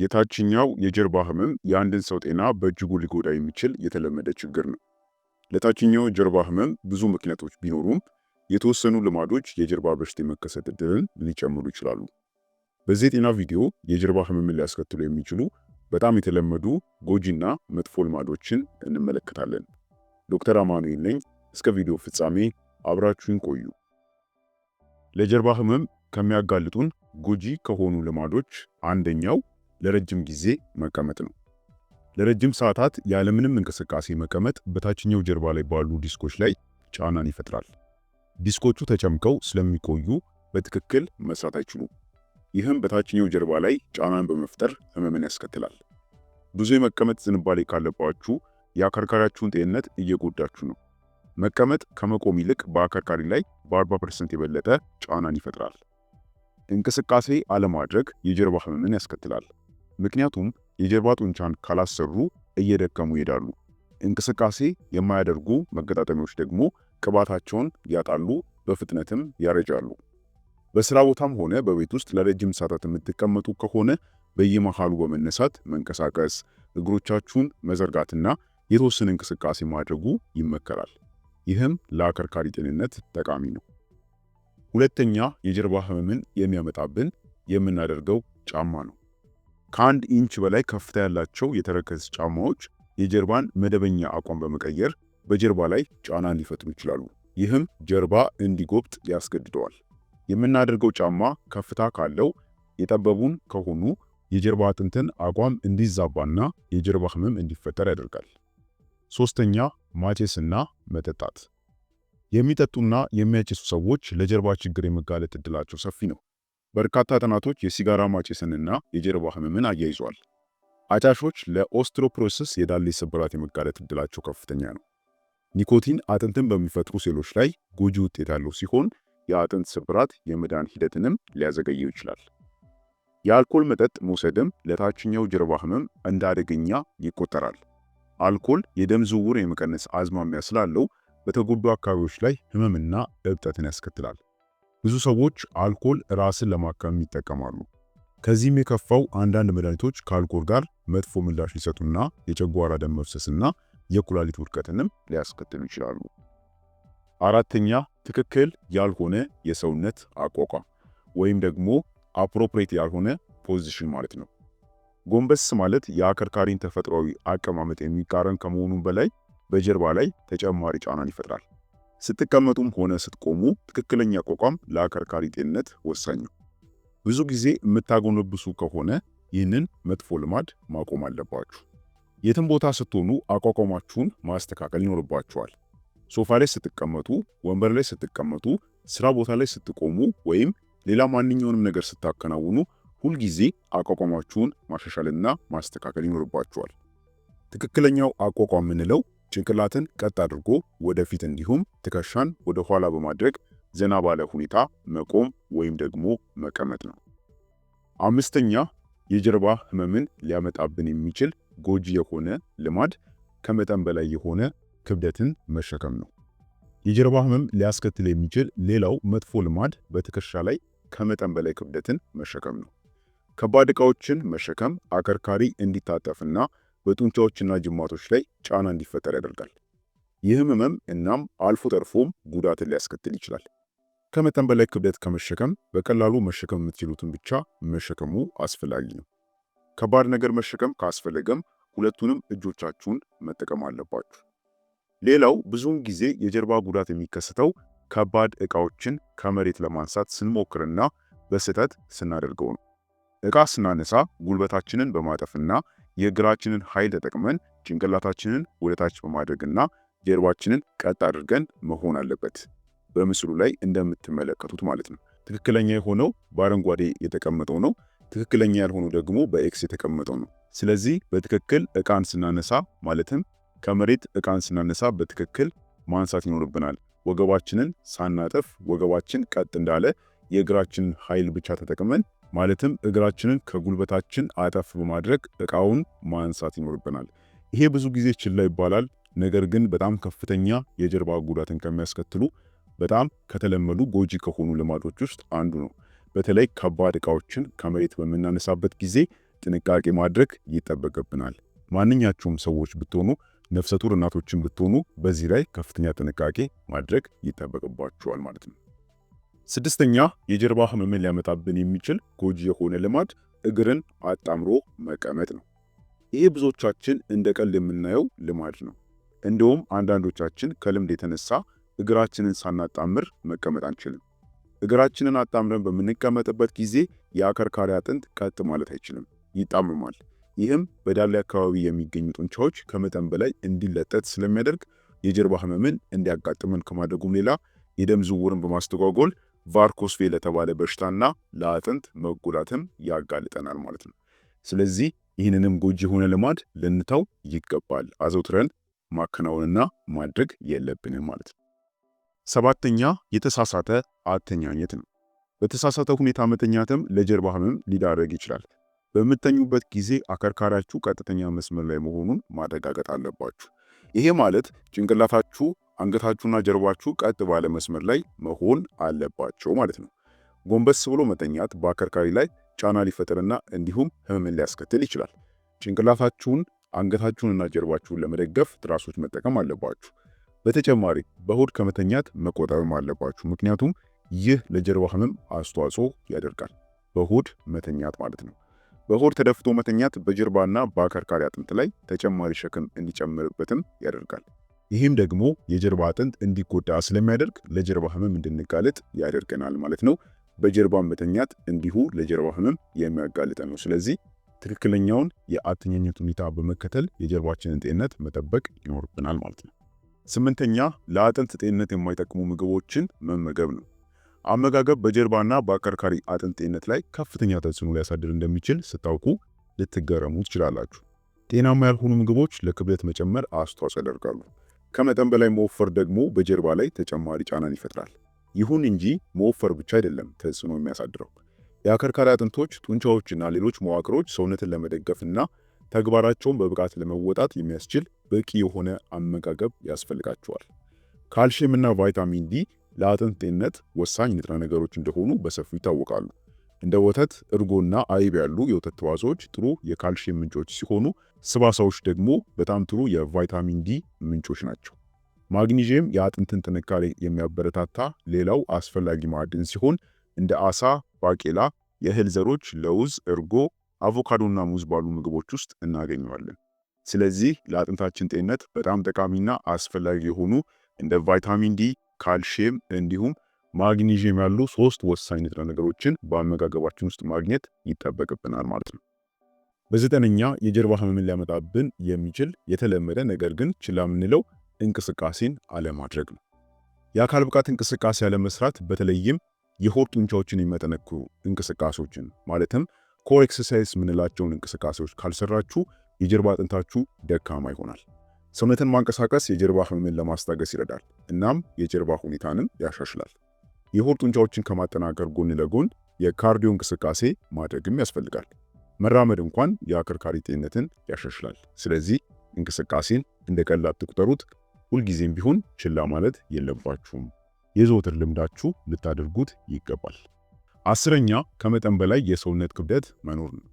የታችኛው የጀርባ ህመም የአንድን ሰው ጤና በእጅጉ ሊጎዳ የሚችል የተለመደ ችግር ነው። ለታችኛው ጀርባ ህመም ብዙ ምክንያቶች ቢኖሩም የተወሰኑ ልማዶች የጀርባ በሽታ የመከሰት እድልን ሊጨምሩ ይችላሉ። በዚህ የጤና ቪዲዮ የጀርባ ህመምን ሊያስከትሉ የሚችሉ በጣም የተለመዱ ጎጂና መጥፎ ልማዶችን እንመለከታለን። ዶክተር አማኑኤል ነኝ። እስከ ቪዲዮ ፍጻሜ አብራችሁን ቆዩ። ለጀርባ ህመም ከሚያጋልጡን ጎጂ ከሆኑ ልማዶች አንደኛው ለረጅም ጊዜ መቀመጥ ነው። ለረጅም ሰዓታት ያለምንም እንቅስቃሴ መቀመጥ በታችኛው ጀርባ ላይ ባሉ ዲስኮች ላይ ጫናን ይፈጥራል። ዲስኮቹ ተጨምቀው ስለሚቆዩ በትክክል መስራት አይችሉም። ይህም በታችኛው ጀርባ ላይ ጫናን በመፍጠር ህመምን ያስከትላል። ብዙ የመቀመጥ ዝንባሌ ካለባችሁ የአከርካሪያችሁን ጤንነት እየጎዳችሁ ነው። መቀመጥ ከመቆም ይልቅ በአከርካሪ ላይ በ40% የበለጠ ጫናን ይፈጥራል። እንቅስቃሴ አለማድረግ የጀርባ ህመምን ያስከትላል። ምክንያቱም የጀርባ ጡንቻን ካላሰሩ እየደከሙ ይሄዳሉ። እንቅስቃሴ የማያደርጉ መገጣጠሚያዎች ደግሞ ቅባታቸውን ያጣሉ፣ በፍጥነትም ያረጃሉ። በስራ ቦታም ሆነ በቤት ውስጥ ለረጅም ሰዓታት የምትቀመጡ ከሆነ በየመሃሉ በመነሳት መንቀሳቀስ፣ እግሮቻችሁን መዘርጋትና የተወሰነ እንቅስቃሴ ማድረጉ ይመከራል። ይህም ለአከርካሪ ጤንነት ጠቃሚ ነው። ሁለተኛ የጀርባ ህመምን የሚያመጣብን የምናደርገው ጫማ ነው። ከአንድ ኢንች በላይ ከፍታ ያላቸው የተረከዝ ጫማዎች የጀርባን መደበኛ አቋም በመቀየር በጀርባ ላይ ጫናን ሊፈጥሩ ይችላሉ። ይህም ጀርባ እንዲጎብጥ ያስገድደዋል። የምናደርገው ጫማ ከፍታ ካለው የጠበቡን ከሆኑ የጀርባ አጥንትን አቋም እንዲዛባና የጀርባ ህመም እንዲፈጠር ያደርጋል። ሶስተኛ ማጨስና መጠጣት። የሚጠጡና የሚያጨሱ ሰዎች ለጀርባ ችግር የመጋለጥ እድላቸው ሰፊ ነው። በርካታ ጥናቶች የሲጋራ ማጨስንና የጀርባ ህመምን አያይዟል። አጫሾች ለኦስትሮፕሮሲስ የዳሌ ስብራት የመጋለጥ እድላቸው ከፍተኛ ነው። ኒኮቲን አጥንትን በሚፈጥሩ ሴሎች ላይ ጎጂ ውጤት ያለው ሲሆን የአጥንት ስብራት የመዳን ሂደትንም ሊያዘገየው ይችላል። የአልኮል መጠጥ መውሰድም ለታችኛው ጀርባ ህመም እንደ አደገኛ ይቆጠራል። አልኮል የደም ዝውውር የመቀነስ አዝማሚያ ስላለው በተጎዱ አካባቢዎች ላይ ህመምና እብጠትን ያስከትላል። ብዙ ሰዎች አልኮል ራስን ለማከም ይጠቀማሉ። ከዚህም የከፋው አንዳንድ መድኃኒቶች ከአልኮል ጋር መጥፎ ምላሽ ሊሰጡና የጨጓራ ደም መፍሰስና የኩላሊት ውድቀትንም ሊያስከትሉ ይችላሉ። አራተኛ ትክክል ያልሆነ የሰውነት አቋቋም ወይም ደግሞ አፕሮፕሬት ያልሆነ ፖዚሽን ማለት ነው። ጎንበስ ማለት የአከርካሪን ተፈጥሯዊ አቀማመጥ የሚቃረን ከመሆኑም በላይ በጀርባ ላይ ተጨማሪ ጫናን ይፈጥራል። ስትቀመጡም ሆነ ስትቆሙ ትክክለኛ አቋቋም ለአከርካሪ ጤንነት ወሳኝ ነው። ብዙ ጊዜ የምታጎነብሱ ከሆነ ይህንን መጥፎ ልማድ ማቆም አለባችሁ። የትም ቦታ ስትሆኑ አቋቋማችሁን ማስተካከል ይኖርባችኋል። ሶፋ ላይ ስትቀመጡ፣ ወንበር ላይ ስትቀመጡ፣ ስራ ቦታ ላይ ስትቆሙ፣ ወይም ሌላ ማንኛውንም ነገር ስታከናውኑ ሁልጊዜ አቋቋማችሁን ማሻሻልና ማስተካከል ይኖርባችኋል። ትክክለኛው አቋቋም የምንለው ጭንቅላትን ቀጥ አድርጎ ወደፊት እንዲሁም ትከሻን ወደ ኋላ በማድረግ ዘና ባለ ሁኔታ መቆም ወይም ደግሞ መቀመጥ ነው። አምስተኛ የጀርባ ህመምን ሊያመጣብን የሚችል ጎጂ የሆነ ልማድ ከመጠን በላይ የሆነ ክብደትን መሸከም ነው። የጀርባ ህመም ሊያስከትል የሚችል ሌላው መጥፎ ልማድ በትከሻ ላይ ከመጠን በላይ ክብደትን መሸከም ነው። ከባድ ዕቃዎችን መሸከም አከርካሪ እንዲታጠፍና በጡንቻዎችና ጅማቶች ላይ ጫና እንዲፈጠር ያደርጋል። ይህ ህመም እናም አልፎ ተርፎም ጉዳትን ሊያስከትል ይችላል። ከመጠን በላይ ክብደት ከመሸከም በቀላሉ መሸከም የምትችሉትን ብቻ መሸከሙ አስፈላጊ ነው። ከባድ ነገር መሸከም ካስፈለገም ሁለቱንም እጆቻችሁን መጠቀም አለባችሁ። ሌላው ብዙውን ጊዜ የጀርባ ጉዳት የሚከሰተው ከባድ ዕቃዎችን ከመሬት ለማንሳት ስንሞክርና በስህተት ስናደርገው ነው። ዕቃ ስናነሳ ጉልበታችንን በማጠፍና የእግራችንን ኃይል ተጠቅመን ጭንቅላታችንን ወደታች በማድረግና ጀርባችንን ቀጥ አድርገን መሆን አለበት። በምስሉ ላይ እንደምትመለከቱት ማለት ነው። ትክክለኛ የሆነው በአረንጓዴ የተቀመጠው ነው። ትክክለኛ ያልሆነው ደግሞ በኤክስ የተቀመጠው ነው። ስለዚህ በትክክል እቃን ስናነሳ ማለትም ከመሬት እቃን ስናነሳ በትክክል ማንሳት ይኖርብናል። ወገባችንን ሳናጠፍ ወገባችን ቀጥ እንዳለ የእግራችንን ኃይል ብቻ ተጠቅመን ማለትም እግራችንን ከጉልበታችን አጠፍ በማድረግ እቃውን ማንሳት ይኖርብናል። ይሄ ብዙ ጊዜ ችላ ይባላል። ነገር ግን በጣም ከፍተኛ የጀርባ ጉዳትን ከሚያስከትሉ በጣም ከተለመዱ ጎጂ ከሆኑ ልማዶች ውስጥ አንዱ ነው። በተለይ ከባድ እቃዎችን ከመሬት በምናነሳበት ጊዜ ጥንቃቄ ማድረግ ይጠበቅብናል። ማንኛቸውም ሰዎች ብትሆኑ፣ ነፍሰ ጡር እናቶችን ብትሆኑ በዚህ ላይ ከፍተኛ ጥንቃቄ ማድረግ ይጠበቅባቸዋል ማለት ነው። ስድስተኛ የጀርባ ህመምን ሊያመጣብን የሚችል ጎጂ የሆነ ልማድ እግርን አጣምሮ መቀመጥ ነው። ይህ ብዙዎቻችን እንደ ቀልድ የምናየው ልማድ ነው። እንዲሁም አንዳንዶቻችን ከልምድ የተነሳ እግራችንን ሳናጣምር መቀመጥ አንችልም። እግራችንን አጣምረን በምንቀመጥበት ጊዜ የአከርካሪ አጥንት ቀጥ ማለት አይችልም፣ ይጣምማል። ይህም በዳሌ አካባቢ የሚገኙ ጡንቻዎች ከመጠን በላይ እንዲለጠጥ ስለሚያደርግ የጀርባ ህመምን እንዲያጋጥመን ከማድረጉም ሌላ የደም ዝውውርን በማስተጓጎል ቫርኮስቬ ለተባለ በሽታና ለአጥንት መጎዳትም ያጋልጠናል ማለት ነው። ስለዚህ ይህንንም ጎጂ የሆነ ልማድ ልንተው ይገባል። አዘውትረን ማከናወንና ማድረግ የለብንም ማለት ነው። ሰባተኛ የተሳሳተ አተኛኘት ነው። በተሳሳተ ሁኔታ መተኛትም ለጀርባ ህመም ሊዳረግ ይችላል። በምተኙበት ጊዜ አከርካሪያችሁ ቀጥተኛ መስመር ላይ መሆኑን ማረጋገጥ አለባችሁ። ይሄ ማለት ጭንቅላታችሁ አንገታችሁና ጀርባችሁ ቀጥ ባለ መስመር ላይ መሆን አለባቸው ማለት ነው። ጎንበስ ብሎ መተኛት በአከርካሪ ላይ ጫና ሊፈጥርና እንዲሁም ህመምን ሊያስከትል ይችላል። ጭንቅላታችሁን አንገታችሁንና ጀርባችሁን ለመደገፍ ትራሶች መጠቀም አለባችሁ። በተጨማሪ በሆድ ከመተኛት መቆጠብም አለባችሁ፣ ምክንያቱም ይህ ለጀርባ ህመም አስተዋጽኦ ያደርጋል። በሆድ መተኛት ማለት ነው። በሆድ ተደፍቶ መተኛት በጀርባና በአከርካሪ አጥንት ላይ ተጨማሪ ሸክም እንዲጨምርበትም ያደርጋል። ይህም ደግሞ የጀርባ አጥንት እንዲጎዳ ስለሚያደርግ ለጀርባ ህመም እንድንጋለጥ ያደርገናል ማለት ነው። በጀርባ መተኛት እንዲሁ ለጀርባ ህመም የሚያጋልጠ ነው። ስለዚህ ትክክለኛውን የአተኛኘት ሁኔታ በመከተል የጀርባችንን ጤንነት መጠበቅ ይኖርብናል ማለት ነው። ስምንተኛ ለአጥንት ጤንነት የማይጠቅሙ ምግቦችን መመገብ ነው። አመጋገብ በጀርባና በአከርካሪ አጥንት ጤንነት ላይ ከፍተኛ ተጽዕኖ ሊያሳድር እንደሚችል ስታውቁ ልትገረሙ ትችላላችሁ። ጤናማ ያልሆኑ ምግቦች ለክብደት መጨመር አስተዋጽኦ ያደርጋሉ። ከመጠን በላይ መወፈር ደግሞ በጀርባ ላይ ተጨማሪ ጫናን ይፈጥራል። ይሁን እንጂ መወፈር ብቻ አይደለም ተጽዕኖ የሚያሳድረው። የአከርካሪ አጥንቶች፣ ጡንቻዎችና ሌሎች መዋቅሮች ሰውነትን ለመደገፍና ተግባራቸውን በብቃት ለመወጣት የሚያስችል በቂ የሆነ አመጋገብ ያስፈልጋቸዋል። ካልሽየምና ቫይታሚን ዲ ለአጥንት ጤንነት ወሳኝ ንጥረ ነገሮች እንደሆኑ በሰፊው ይታወቃሉ። እንደ ወተት፣ እርጎና አይብ ያሉ የወተት ተዋጽኦች ጥሩ የካልሽየም ምንጮች ሲሆኑ ስባሳዎች ደግሞ በጣም ጥሩ የቫይታሚን ዲ ምንጮች ናቸው። ማግኒዥየም የአጥንትን ጥንካሬ የሚያበረታታ ሌላው አስፈላጊ ማዕድን ሲሆን እንደ አሳ፣ ባቄላ፣ የእህል ዘሮች፣ ለውዝ፣ እርጎ፣ አቮካዶና ሙዝ ባሉ ምግቦች ውስጥ እናገኘዋለን። ስለዚህ ለአጥንታችን ጤንነት በጣም ጠቃሚና አስፈላጊ የሆኑ እንደ ቫይታሚን ዲ፣ ካልሽየም እንዲሁም ማግኒዥየም ያሉ ሶስት ወሳኝ ንጥረ ነገሮችን በአመጋገባችን ውስጥ ማግኘት ይጠበቅብናል ማለት ነው። በዘጠነኛ የጀርባ ህመምን ሊያመጣብን የሚችል የተለመደ ነገር ግን ችላ የምንለው እንቅስቃሴን አለማድረግ ነው። የአካል ብቃት እንቅስቃሴ አለመስራት በተለይም የሆድ ጡንቻዎችን የሚያጠነክሩ እንቅስቃሴዎችን ማለትም ኮር ኤክሰርሳይዝ የምንላቸውን እንቅስቃሴዎች ካልሰራችሁ የጀርባ አጥንታችሁ ደካማ ይሆናል። ሰውነትን ማንቀሳቀስ የጀርባ ህመምን ለማስታገስ ይረዳል፣ እናም የጀርባ ሁኔታንም ያሻሽላል። የሆድ ጡንቻዎችን ከማጠናከር ጎን ለጎን የካርዲዮ እንቅስቃሴ ማድረግም ያስፈልጋል። መራመድ እንኳን የአከርካሪ ጤንነትን ያሻሽላል። ስለዚህ እንቅስቃሴን እንደ ቀላል ትቁጠሩት። ሁልጊዜም ቢሆን ችላ ማለት የለባችሁም። የዘወትር ልምዳችሁ ልታደርጉት ይገባል። አስረኛ ከመጠን በላይ የሰውነት ክብደት መኖር ነው።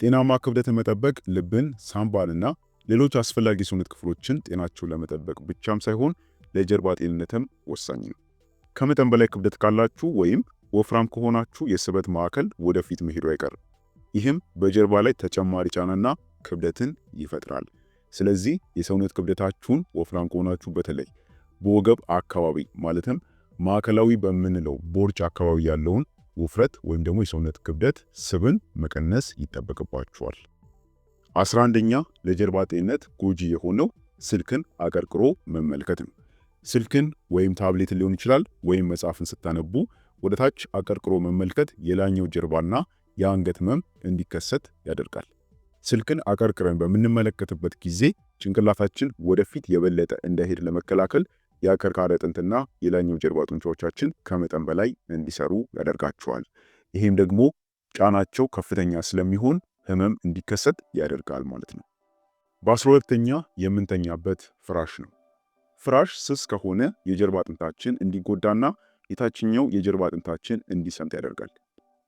ጤናማ ክብደትን መጠበቅ ልብን፣ ሳምባንና ሌሎች አስፈላጊ የሰውነት ክፍሎችን ጤናቸው ለመጠበቅ ብቻም ሳይሆን ለጀርባ ጤንነትም ወሳኝ ነው። ከመጠን በላይ ክብደት ካላችሁ ወይም ወፍራም ከሆናችሁ የስበት ማዕከል ወደፊት መሄዱ አይቀርም። ይህም በጀርባ ላይ ተጨማሪ ጫናና ክብደትን ይፈጥራል። ስለዚህ የሰውነት ክብደታችሁን ወፍራም ከሆናችሁ በተለይ በወገብ አካባቢ ማለትም ማዕከላዊ በምንለው ቦርጭ አካባቢ ያለውን ውፍረት ወይም ደግሞ የሰውነት ክብደት ስብን መቀነስ ይጠበቅባችኋል። አስራ አንደኛ ለጀርባ ጤንነት ጎጂ የሆነው ስልክን አቀርቅሮ መመልከት ነው። ስልክን ወይም ታብሌትን ሊሆን ይችላል ወይም መጽሐፍን ስታነቡ ወደ ታች አቀርቅሮ መመልከት የላይኛው ጀርባና የአንገት ህመም እንዲከሰት ያደርጋል። ስልክን አቀርቅረን በምንመለከትበት ጊዜ ጭንቅላታችን ወደፊት የበለጠ እንዳይሄድ ለመከላከል የአከርካሪ አጥንትና የላይኛው ጀርባ ጡንቻዎቻችን ከመጠን በላይ እንዲሰሩ ያደርጋቸዋል። ይህም ደግሞ ጫናቸው ከፍተኛ ስለሚሆን ህመም እንዲከሰት ያደርጋል ማለት ነው። በአስራ ሁለተኛ የምንተኛበት ፍራሽ ነው። ፍራሽ ስስ ከሆነ የጀርባ አጥንታችን እንዲጎዳና የታችኛው የጀርባ አጥንታችን እንዲሰምጥ ያደርጋል።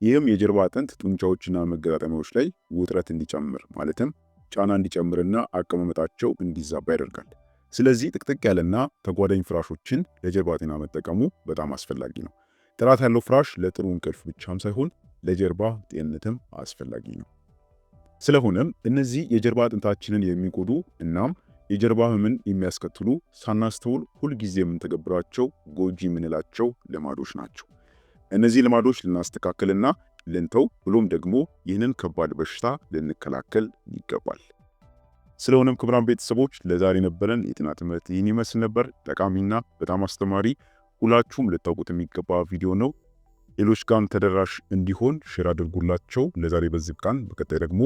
ይህም የጀርባ አጥንት ጡንቻዎችና መገጣጠሚያዎች ላይ ውጥረት እንዲጨምር ማለትም ጫና እንዲጨምርና አቀማመጣቸው እንዲዛባ ያደርጋል። ስለዚህ ጥቅጥቅ ያለና ተጓዳኝ ፍራሾችን ለጀርባ ጤና መጠቀሙ በጣም አስፈላጊ ነው። ጥራት ያለው ፍራሽ ለጥሩ እንቅልፍ ብቻም ሳይሆን ለጀርባ ጤንነትም አስፈላጊ ነው። ስለሆነም እነዚህ የጀርባ አጥንታችንን የሚጎዱ እናም የጀርባ ህመምን የሚያስከትሉ ሳናስተውል ሁልጊዜ የምንተገብራቸው ጎጂ የምንላቸው ልማዶች ናቸው። እነዚህ ልማዶች ልናስተካክልና ልንተው ብሎም ደግሞ ይህንን ከባድ በሽታ ልንከላከል ይገባል። ስለሆነም ክቡራን ቤተሰቦች ለዛሬ ነበረን የጤና ትምህርት ይህን ይመስል ነበር። ጠቃሚና በጣም አስተማሪ ሁላችሁም ልታውቁት የሚገባ ቪዲዮ ነው። ሌሎች ጋር ተደራሽ እንዲሆን ሼር አድርጉላቸው። ለዛሬ በዚህ ብቃን። በቀጣይ ደግሞ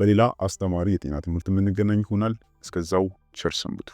በሌላ አስተማሪ የጤና ትምህርት የምንገናኝ ይሆናል። እስከዛው ቸር ሰንብቱ።